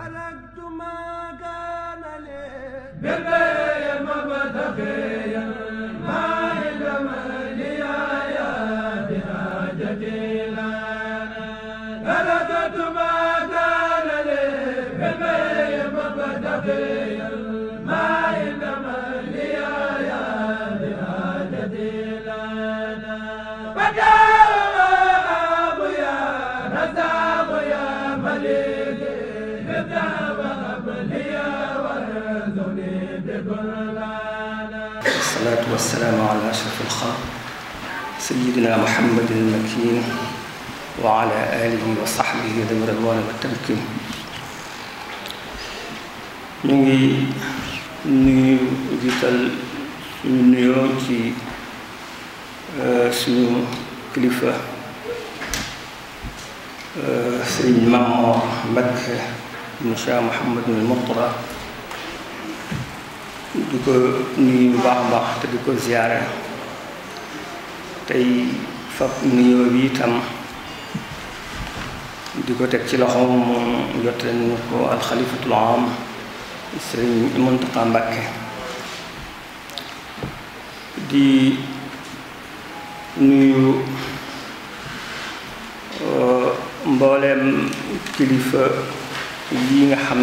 تركت ما كان لي بالبيع مبتغيا والصلاة والسلام على أشرف الخلق سيدنا محمد المكين وعلى آله وصحبه ذوي الرضوان والتمكين ñu ngi nuyu jiital suñu nuyoo ci euh, suñu kilifa euh, sëriñ Mamoor Mbakke mu Cheikh Mouhamadul Mourtada di ko nuyu bu baax a baax te di ko ziyaare tey fab nuyoo bi itam di ko teg ci loxoom mu jottali ñu ko alxalifatul am sëriñ Muntaxa Mbàkke di nuyu uh, mbooleem kilifa yi nga xam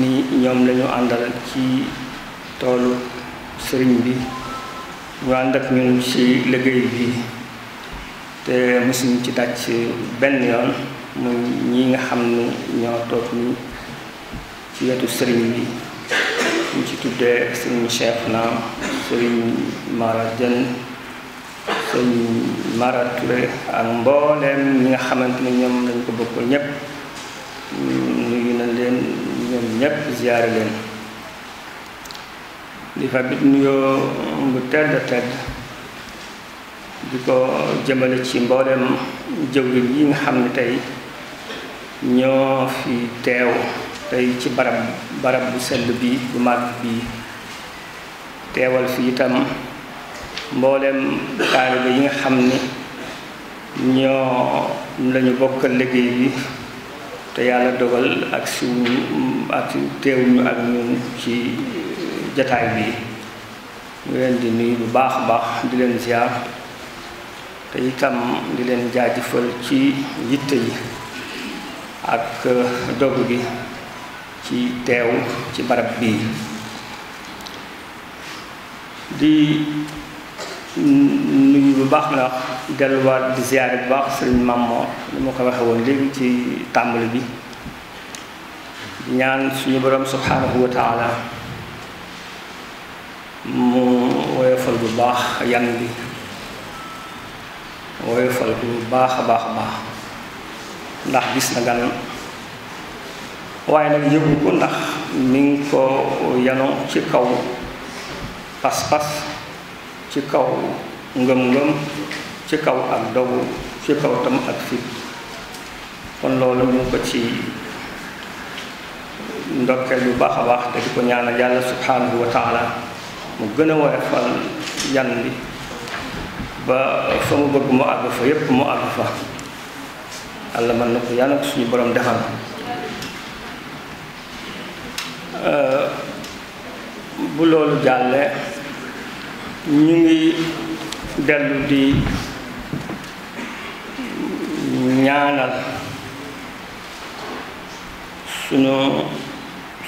ni ñoom lañu àndal ci toolu sëriñ bi mu ànd ak ñun ci liggéey bi te mësuñu ci daj benn yoon mu ñi nga xam ne ñoo toog ñu ci wetu sëriñ bi ñu ci tuddee sëriñ Cheikh na sëriñ Mara Dieng sëriñ Mara Touré ak mbooleem ñi nga xamante ne ñoom lañ ko bokkal ñépp nuyu na leen ñoom ñépp ziyaare leen di fabit nuyoo bu tedd tedd di ko jëmale ci mboolem jëwriñ yi nga xam ne tey ñoo fi teew tey ci barab barab bu sell bi bu màgg bii teewal fi itam mboolem taalibe yi nga xam ni ñoo lañu bokk liggéey bi te yàlla dogal ak suñu ak teew ak ñun ci jataay bii ñu di nuyu bu baax a baax di leen ziar te itam di leen jaajëfal ci yitte yi ak euh, dogu gi ci teew ci barab bii di nuyu bu baax na delluwaat di ziar bu baax sëriñ Mamor li ma ko waxe léegi ci tàmbali bi ñaan suñu boroom subhanahu wa mu woyofal bu baax yan bi woyofal bu baax a baax a baax ndax gis na gan waaye nag yëgu ko ndax mi ngi ko yano ci kaw pas-pas ci kaw ngëm-ngëm ci kaw ak dogu ci kaw tam ak fit kon loolu ñu ko ci ndokkeel bu baax a baax te di ko ñaanal yàlla subhanahu wa taala mu gën a woyofal yan bi ba fa mu bëgg mu àgg fa yépp mu àgg fa yàlla mën na ko yàlla ko suñu borom defal bu loolu jàllee ñu ngi dellu di ñaanal sunu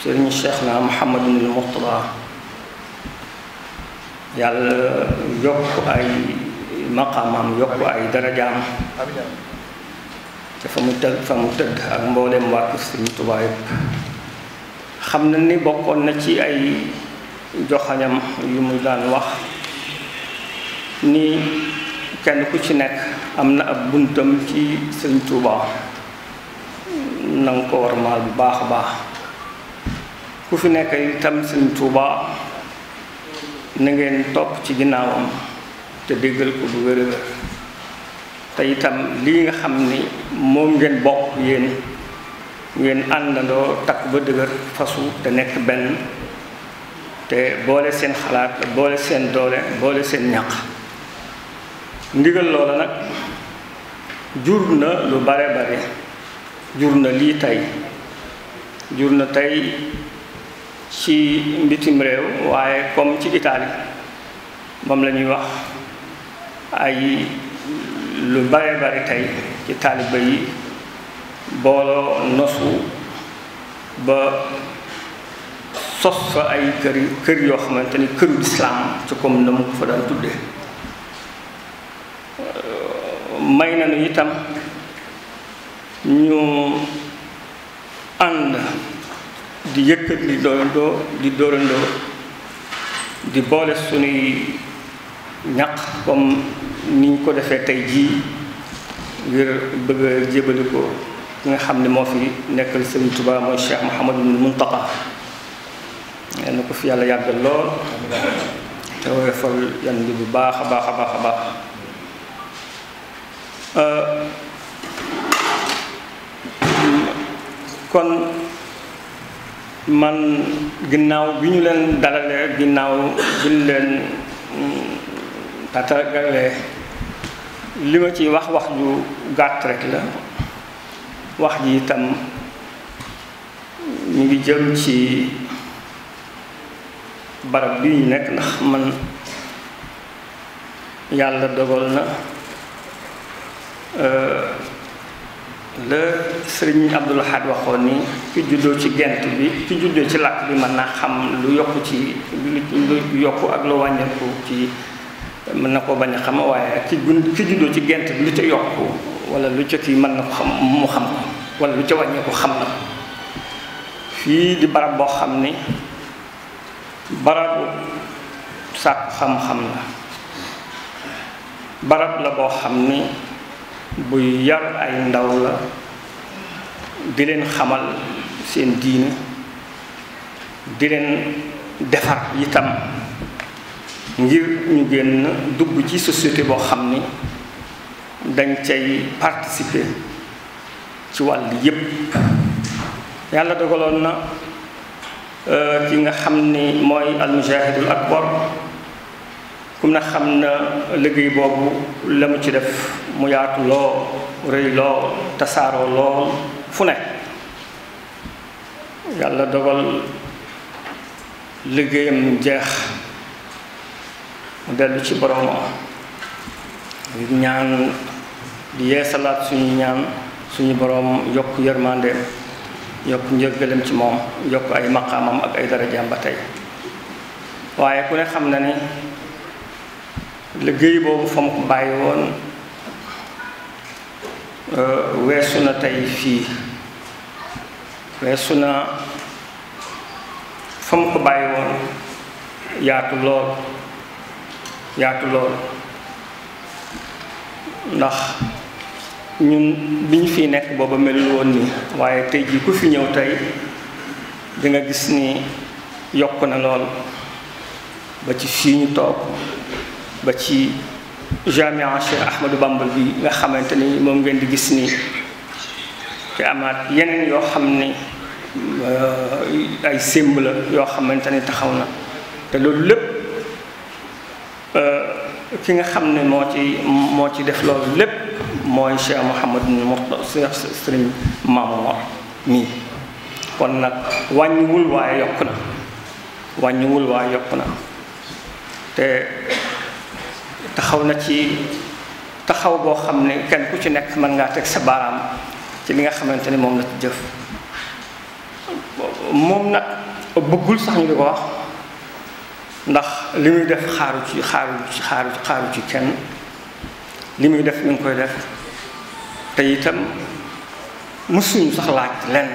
sëriñ Cheikh na Mouhamadou Mourtada yàlla yokk ay maqaamam yokk ay darajaam te fa mu tëdd fa mu tëdd ak mbooleem waa kër Sëriñ Tuubaa xam na ni bokkoon na ci ay joxañam yu mu daan wax nii kenn ku ci nekk am na ab buntam ci Sëriñ Tuubaa na nga ko war maal bu baax a baax ku fi nekk itam Sëriñ Tuubaa na ngeen topp ci ginnaawam te déggal ko bu wér a wér itam lii nga xam ni moom ngeen bokk yéen ngeen àndandoo takk ba dëgër fasu te nekk benn te boole seen xalaat boole seen doole boole seen ñaq ndigal loola nag jur na lu bare bare jur na lii tey jur na tey ci mbitim réew waaye comme ci Italie moom lañuy wax ay lu bare bari tey ci taaliba yi booloo nosu ba sos fa ay kër kër yoo xamante ni këru lislaam ci comme na mu ko fa daan tuddee may nañu itam ñu ànd di yëkkat di doyandoo di dóorandoo di boole sunuy ñaq comme niñ ko defee tey jii ngir bëgg a ki nga xam ne moo fi nekkal Sëriñ Tuubaa mooy Cheikh Mouhamadul Muntaqa yal na ko fi yàlla yàggal lool te woyofal yan bi bu baax a baax a baax a baax euh, kon man ginnaaw bi ñu leen dalalee ginnaaw bi ñu leen mm, tatagalee li ma ci wax wax ju gàtt rek la wax ji itam ñu ngi jëm ci barab bi ñu nekk ndax man yàlla dogal na euh, la sëriñ Abdul Ahad waxoon ni ki juddoo ci gent bi ki juddoo ci làkk bi mën na xam lu yokk ci lu yokk ak lu wàññeeku ci mën na ko bañ a xam waaye ki ki juddoo ci gent bi lu ca yokk wala lu ca kii mën na ko xam mu xam ko wala lu ca wàññeeku xam na fii di barab boo xam ni barabu sàkk xam-xam la barab la boo xam ni buy yar ay ndaw la di leen xamal seen diine di leen defar itam ngir ñu génn dugg ci société boo xam ni dañ cay participer ci wàll yépp yàlla dogaloon na euh, ki nga xam ni mooy almujahidul akbar ku na xam na liggéey boobu la mu ci def mu yaatu lool rëy lool tasaaroo loo fu ne yàlla dogal liggéeyam jeex mu dellu ci boroomam ñaan di yeesalaat suñu ñaan suñu boroom yokk yërmandeem yokk njëggalem ci moom yokk ay maqaamam ak ay darajaam ba tey waaye ku ne xam na ne liggéey boobu fa mu ko bàyyi woon euh, weesu na tey fii weesu na fa mu ko bàyyi woon yaatu lool yaatu lool ndax ñun bi ñu fiy nekk booba melul woon nii waaye tey jii ku fi ñëw tey di nga gis ni yokk na lool ba ci fii toog ba ci jamia Cheikh Ahmadou Bamba bi nga xamante ni moom ngeen di gis nii te amaat yeneen yoo xam ni ay sémb la yoo xamante ni taxaw na te loolu lépp ki nga xam ne moo ci moo ci def loolu lépp mooy Cheikh Mouhamadou Mourtada Cheikh Sëriñ Mamour mii kon nag wàññiwul waaye yokk na wàññiwul waaye yokk na te taxaw na ci taxaw boo xam ne kenn ku ci nekk mën nga teg sa baaraam ci li nga xamante ni moom la ci jëf moom nag bëggul sax ñu di ko wax ndax li muy def xaaru ci xaaru ci xaaru ci kenn li muy def mi ngi koy def te itam mësuñu sax laaj lenn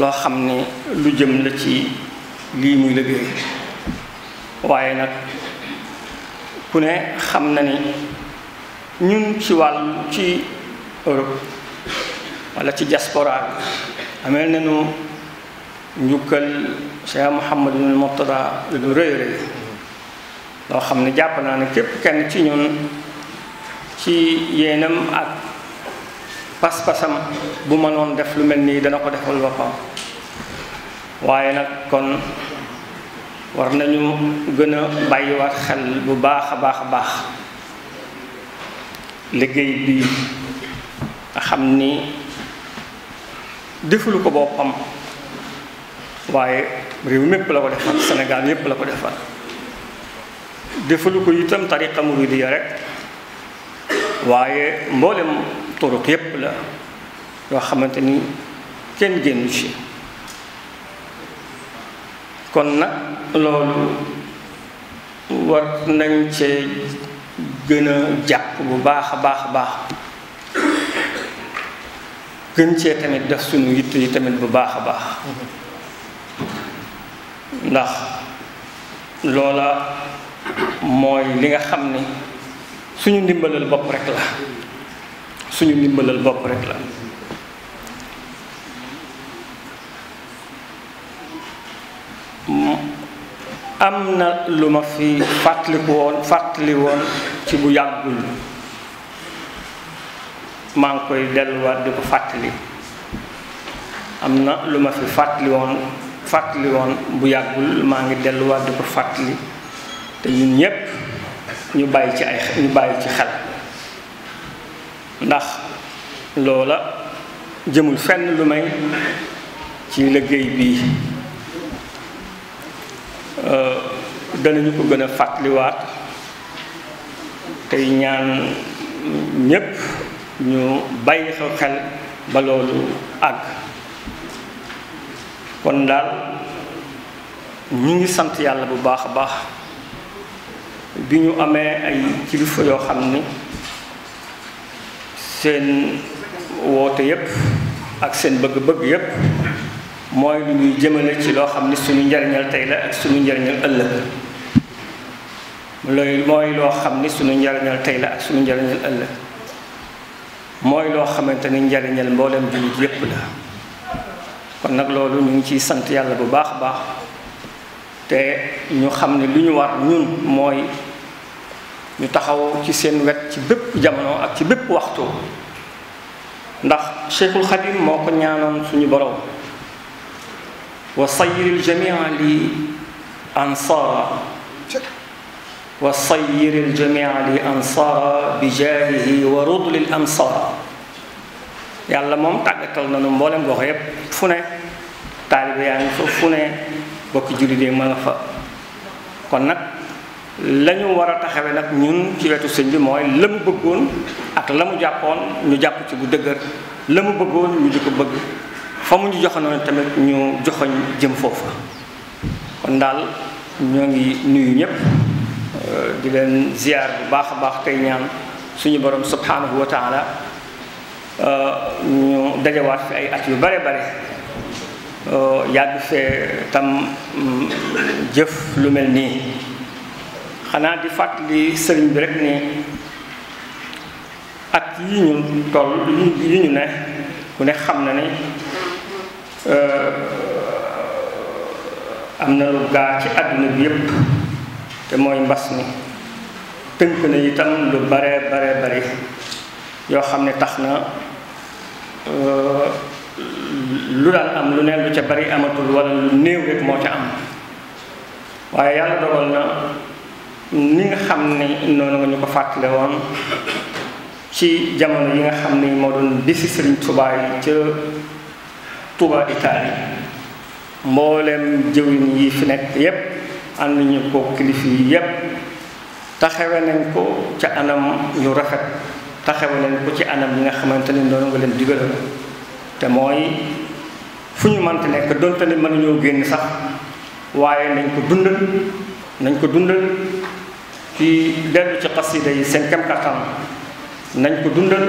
loo xam ne lu jëm la ci lii muy liggéey waaye nag ku ne xam na ni ñun ci wàll ci Europe wala ci diaspora ameel nañu njukkal Cheikh Mouhamadul Mourtada lu rëy rëy loo xam ne jàpp naa ne képp kenn ci ñun ci yéenam ak pas-pasam bu mënoon def lu mel nii dana ko defal boppam waaye nag kon war nañu gën a bàyyiwaat xel bu baax a baax a baax liggéey bi nga xam ni deful ko boppam waaye réew mépp la ko defal senegal yépp la ko defal deful ko itam tariqa muridiya rek waaye mboolem turuq yépp la yoo xamante ni kenn génnu ci kon nag loolu war nañ cee gën a jàpp bu baax a baax a baax gën cee tamit def suñu yitt yi tamit bu baax a baax ndax loola mooy li nga xam ni suñu ndimbalal bopp rek la suñu ndimbalal bopp rek la am na lu ma fi fàttaliku woon fàttali woon ci bu yàggul maa ngi koy delluwaat di ko fàttali am na lu ma fi fàttali woon fàttali woon bu yàggul maa ngi delluwaat di ko fàttali te ñun ñépp ñu bàyyi ci ay ñu bàyyi ci xel ndax loola jëmul fenn lu may ci liggéey bii Euh, danañu ko gën a fàttaliwaat tey ñaan ñépp ñu bàyyi xew xel ba loolu àgg kon daal ñu ngi sant yàlla bu baax a baax bi ñu amee ay kilifa yoo xam ni seen woote yépp ak seen bëgg-bëgg yépp mooy lu ñuy jëmale ci loo xam ni suñu njariñal tey la ak suñu njariñal ëllëg looy mooy loo xam ni suñu njariñal tey la ak suñu njariñal ëllëg mooy loo xamante ni njariñal mboolem jullit yépp la kon nag loolu ñu ngi ciy sant yàlla bu baax a baax te ñu xam ne lu ñu war ñun mooy ñu taxaw ci seen wet ci bépp jamono ak ci bépp waxtu ndax Cheikhul Khadim moo ko ñaanoon suñu boroom وصير الجميع لأنصارا وصير الجميع لأنصارا بجاهه ورد للأنصار yàlla moom tàggatal nañu mboolem gox yépp fu ne taalibe yaa ngi fa fu ne bokk jullit yi ma nga fa kon nag lañu war a taxawe nag ñun ci wetu sëñ bi mooy la mu bëggoon ak la mu jàppoon ñu jàpp ci bu dëgër la mu bëggoon ñu di bëgg fa mu ñu joxonoon tamit ñu joxoñ jëm foofa kon daal ñoo ngi nuyu ñëpp euh, di leen ziar bu baax a baax tey ñaan suñu borom subhanahu wa taala euh, ñu dajawaat fi ay at yu bare bare euh, yàgg fee tam mm, jëf lu mel nii xanaa di fàttali sëriñ bi rek nii at yi ñu toll yi ñu ne ku ne xam na ne Euh, am na lu gaa ci àdduna bi yépp te mooy mbas mi tënk na itam lu bare bare bari yoo xam ne tax na euh, lu daan am lu ne lu ca bari amatul wala lu néew rek moo ca am waaye yàlla dogal na ni nga xam ne noonu nga ñu ko fàttale woon ci jamono yi nga xam ne moo doon bisi Sëriñ Tuubaa yi ca Touba Italie mboolem jëwin yi fi nekk yépp ànd ñu ko kilifa yi yépp taxawe nañ ko ci anam yu rafet taxawe nañ ko ci anam yi nga xamante ni noonu nga leen digalal te mooy fu ñu mënti nekk donte ni mënuñoo génn sax waaye nañ ko dundal nañ ko dundal ci dellu ci xasida yi seen kem nañ ko dundal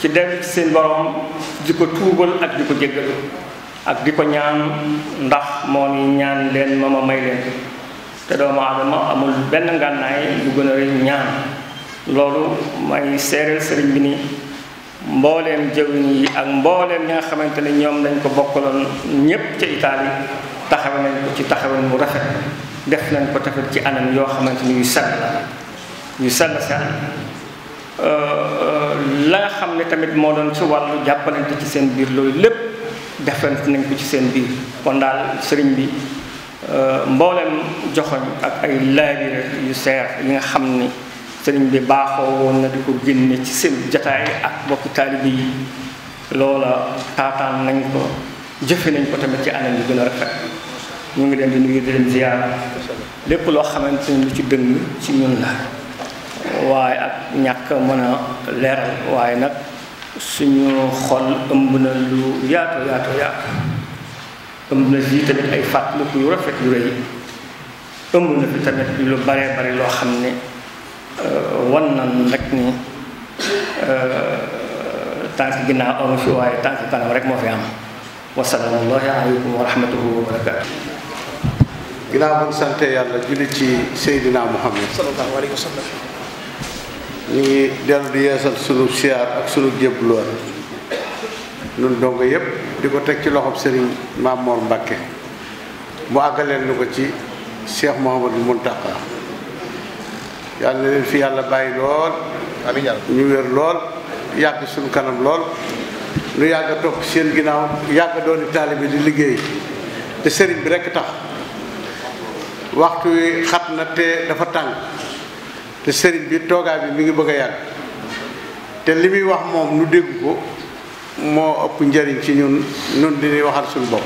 ci dellu ci seen borom ko tuubal ak di ko jéggalu ak di ko ñaan ndax moo ni ñaan leen ma may leen te doomu aadama amul benn ngànnaay bu gën a rëy ñaan loolu may seereel sëriñ bi nii mbooleem jëwriñ yi ak mbooleem ñi nga xamante ne ñoom lañ ko bokkaloon ñépp ca Italie taxawe nañ ko ci taxawin bu rafet def nañ ko tafet ci anam yoo xamante ni yu sell la yu sell sell euh, la xam ne tamit moo doon ci wàllu jàppalante ci seen biir loolu lépp defante nañ ko ci seen biir kon daal sëriñ bi euh, mboolem joxoñ ak ay laabire yu seer yi nga xam ni sëriñ bi baaxoo woon na di ko génne ci seen jataay ak bokki taalibe yi loola taataan nañ ko jëfe nañ ko tamit ci anam yi gën a rafet ngi leen di nuyu di leen lépp loo xamante ni lu ci dëng ci ñun la waaye ak ñàkk mën a leeral waaye nag suñu xol ëmb na lu yaatu yaatu yaatu ëmb na si tamit ay fàttaliku yu rafet yu rëy ëmb na fi tamit lu baree bari loo xam ne euh, wan nan rek ni euh, tànk ginnaaw amu fi waaye tànk kanam rek moo fi am wasalaamullahi aleykum wa rahmatuhu wa barakaatu yàlla julli ci Seydina Muhammad sallallahu alayhi wa sallam ñu ngi dellu di yeesal sunu siyaar ak sunu jébbaluwaat nun dongo yépp di ko teg ci loxob sëriñ Maamoor Mbàkke mu àggaleen lu ko ci Cheikh Mouhamadou Mountakha yàlla na fi yàlla bàyyi lool amiin ñu wér lool yàgg suñu kanam lool lu yàgg a topp seen ginnaaw yàgg doon taalibe di liggéey te sëriñ bi rekk tax waxtu wi xat na te dafa tàng te sëriñ bi toogaay bi mi ngi bëgg a yàgg te li muy wax moom nu dégg ko moo ëpp njëriñ ci ñun ñun di waxal suñu bopp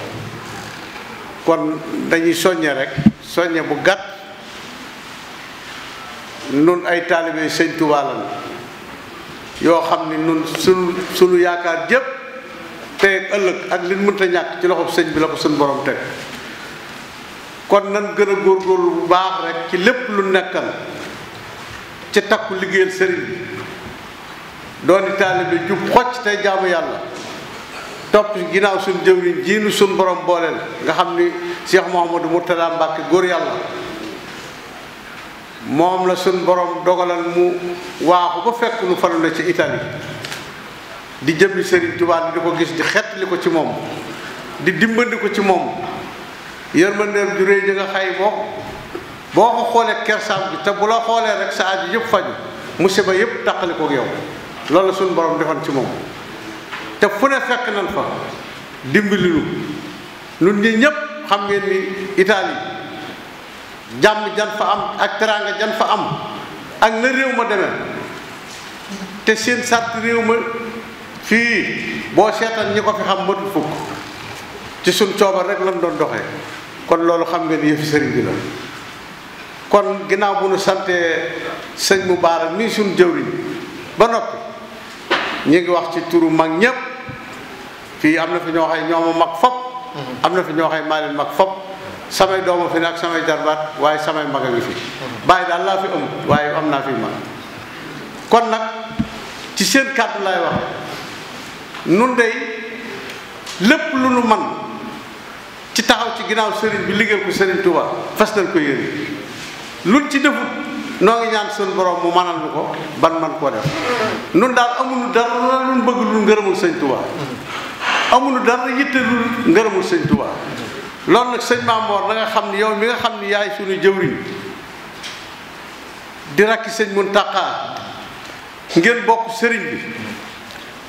kon dañuy soññe rek soññe bu gàtt nun ay taalibe sëñ Tuubaa lan yoo xam ni nun su suñu yaakaar jëpp tey ëllëg ak li mënta ñàkk ci loxob sëñ bi la ko suñu borom teg kon nan gën a góorgóorlu bu baax rek ci lépp lu nekkal ci takku liggéeyal sëriñ bi dooni taalibe jub xocc tey jaamu yàlla topp ginnaaw suñ jëwriñ jiinu suñ borom booleel nga xam ni Cheikh Mouhamadou Mourtada Mbacke góor yàlla moom la suñ borom dogalal mu waaxu ba fekk nu falu la ci Italie di jëmmi sëriñ Tuubaa di ko gis di xettali ko ci moom di dimbandi ko ci moom yërmandeem ju réy ji nga xay boo boo ko xoolee kersaam gi te bu la xoolee rek sa aaju yëpp faju musiba yëpp tàqali kook yow loolu la suñu borom defoon ci moom te fu ne fekk nañ fa dimbali lu ñun ñëpp xam ngeen ni Italie jàmm jan fa am ak teraanga jan fa am ak na réew ma demee te seen sart réew ma fii boo seetaan ñi ko fi xam matul fukk ci suñ coobar rek lañ doon doxe kon loolu xam ngeen yëfi sëriñ bi la kon ginnaaw bu nu santee sëñ mu baara mii suñ jëwriñ ba noppi ñu ngi wax ci turu mag ñépp fii am na fi ñoo xay ñooma mag fop mhm. am na fi ñoo xay maa leen mag fop samay doomu fi ne ak samay jarbaat waaye samay mag a ngi fi mhm. bàyyi daal laa fi amut waaye am naa fi mag kon nag ci seen kàddu lay wax nun dey lépp lu nu man ci taxaw ci ginnaaw sëriñ bi liggéey ko sëriñ Touba fas nañ ko yéene luñ ci defut noo ngi ñaan suñu borom mu manal lu ko ban man koo def nun daal amunu dara luñ bëgg lu ngërëmul sëñ Tuubaa amunu dara yitte lu ngërëmul sëñ Tuubaa loolu nag sëñ Maamoor da xam ni yow mi nga xam ni yaay suñu jëwriñ di rakki sëñ Muntaxa ngeen bokk sëriñ bi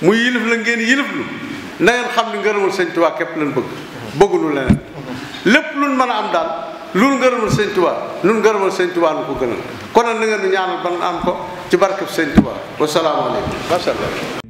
mu yilif la ngeen yilif lu na ngeen xam ni ngërëmul sëñ Tuubaa képp lañ bëgg bëggulu leneen lépp luñ mën a am daal lu ngërëmal sëñ Tuubaa lu ngërëmal sëñ Tuubaa nu ko gënal kon nag na ngeen di ñaanal ban am ko ci barkeb sëñ Tuubaa wasalaamaaleykum macha allah